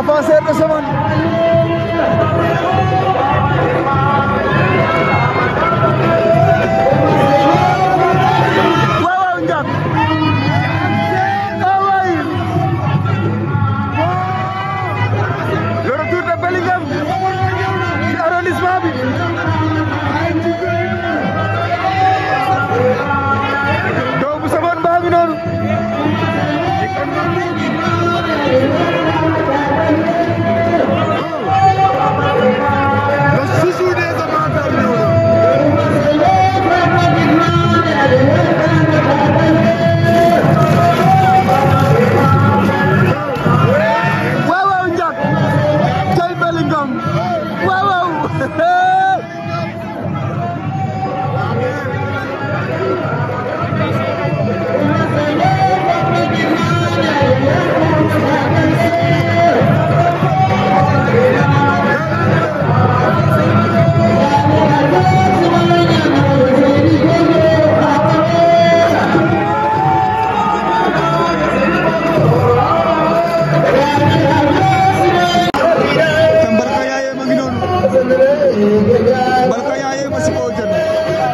l'avancée de semaine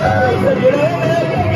¡Ay,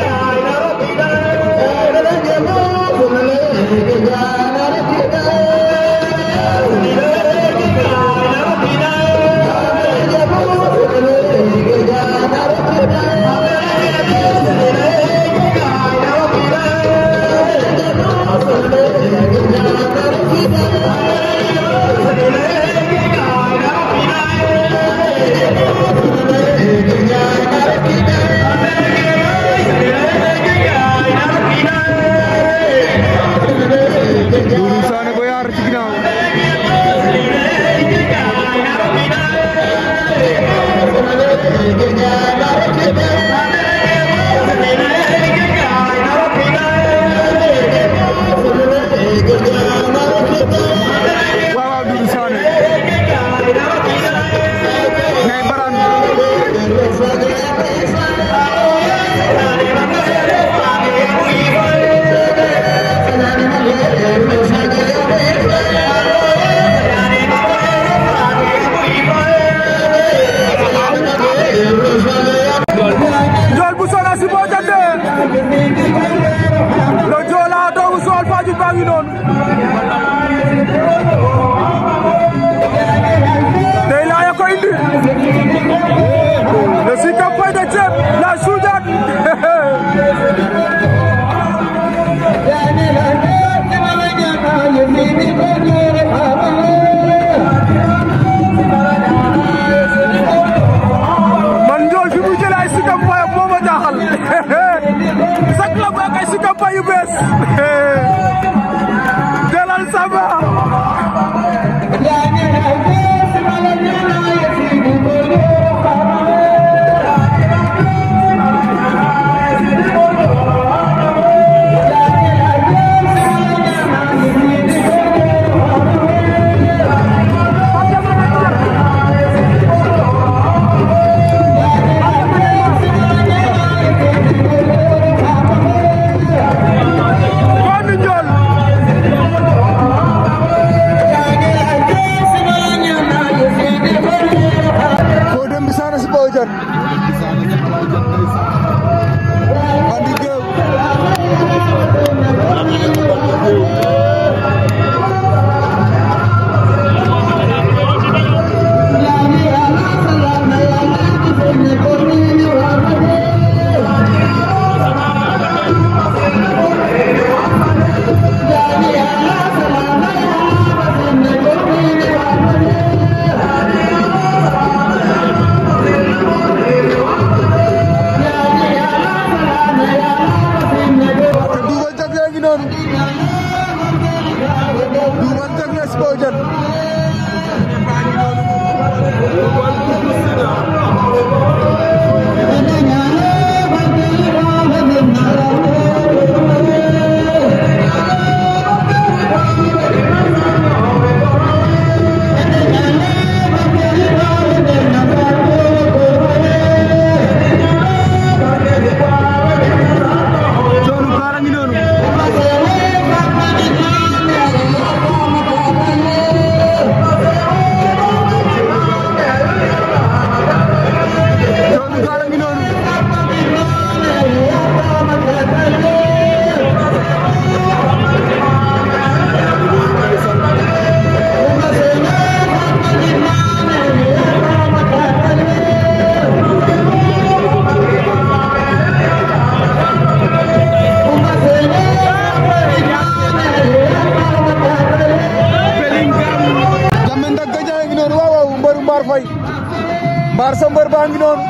Marsambar baa ngi noonu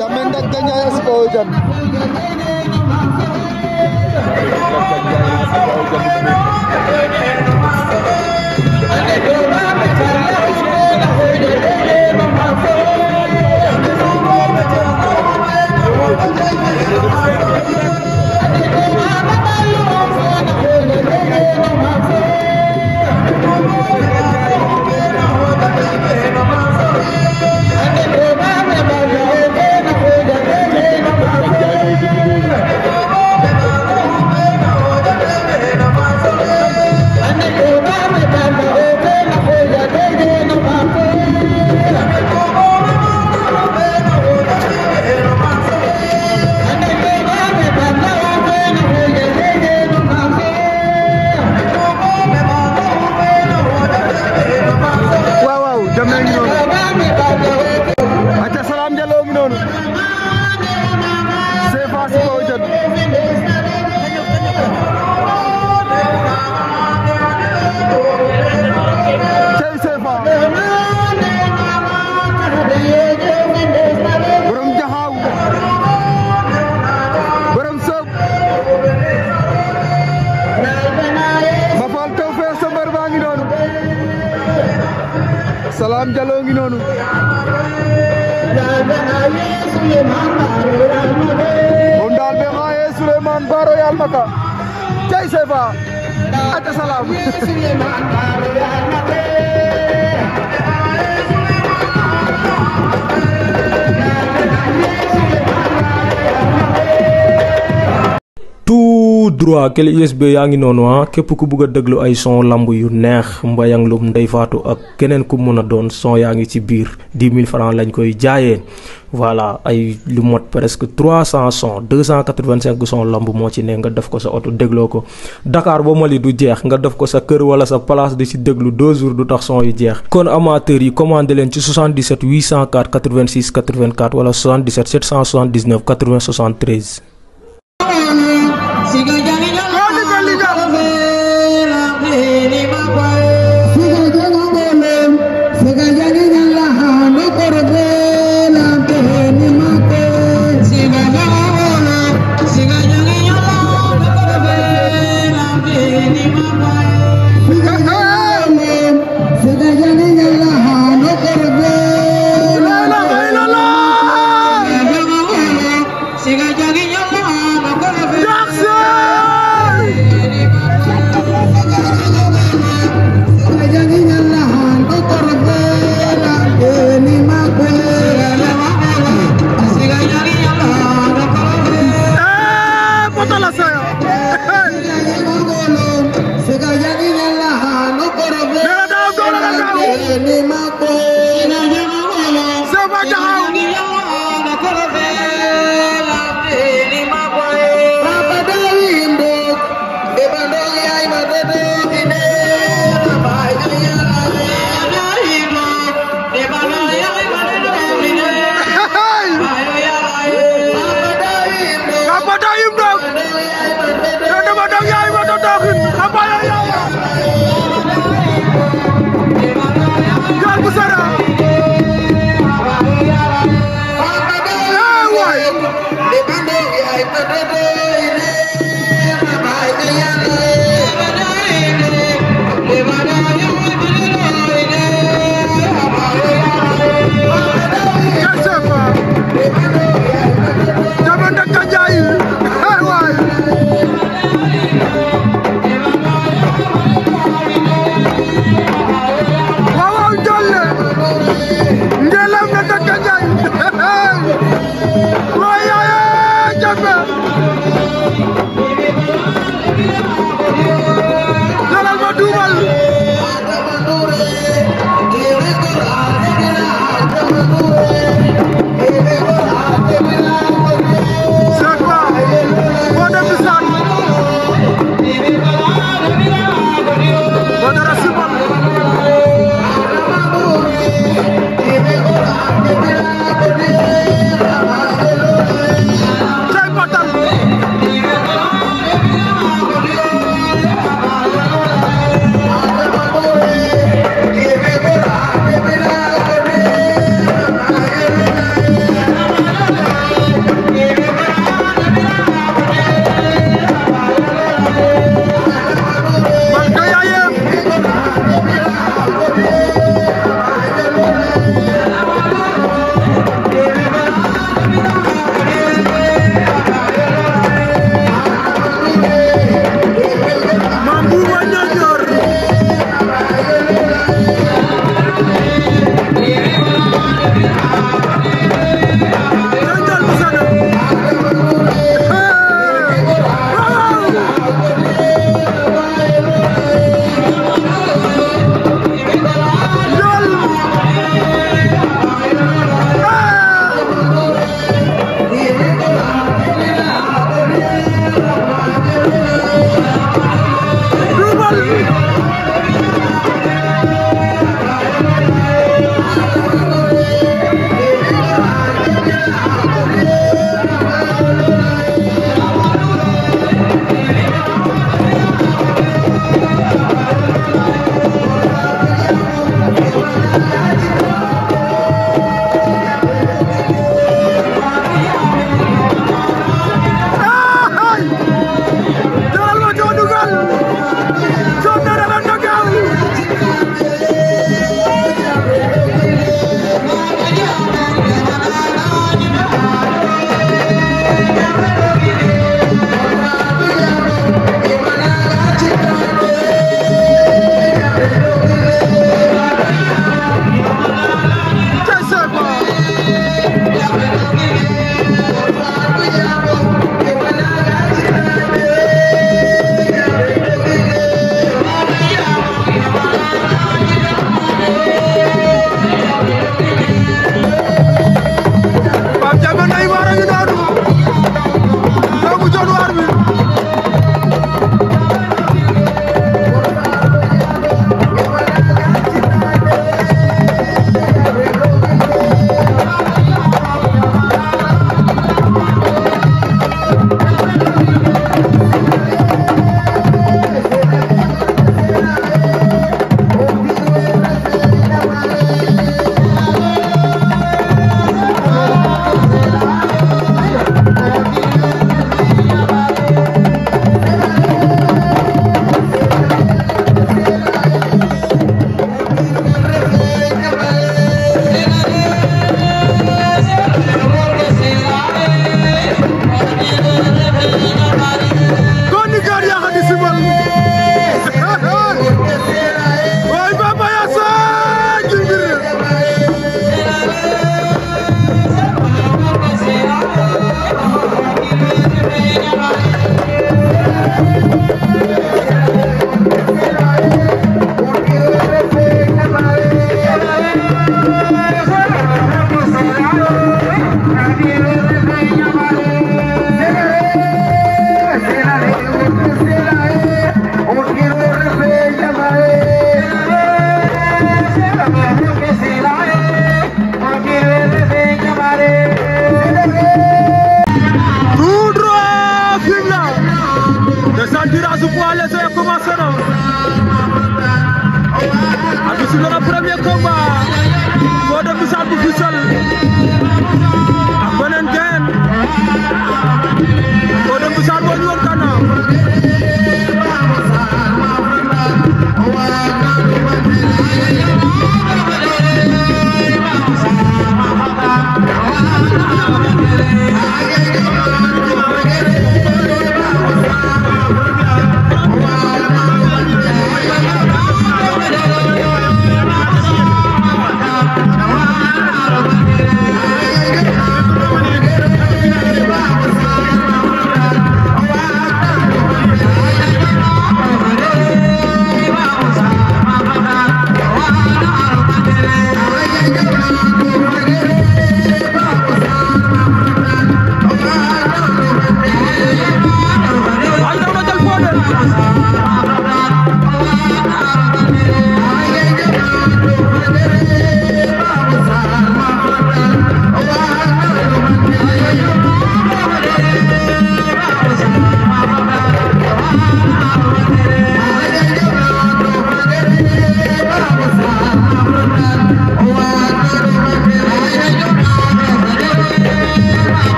Diamé Ndag Thank you. Thank you. Salam Diallo ngi noonu moom daal be xaaye Souleymane Baro yal na ka cey sefa ata salam droit kële USB yaa ngi noonu ah. képp ku bugg a déglu ay son lamb yu neex Mbayang Loum Ndeye Fatou ak keneen ku mun a doon son yaa ngi ci biir 10 000 francs lañ koy jaayee voilà ay lu mot presque 300 son 285 son moo ci ne nga def ko sa oto dégloo ko Dakar ba Mali du jeex nga def ko sa kër wala sa place di ci déglu 2 jours du tax son yu jeex. kon amateurs yi commandé leen ci 77 804 86 84 wala 77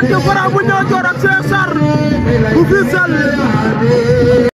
cinquante francs bu ñëw door ak cinq sar bu fisal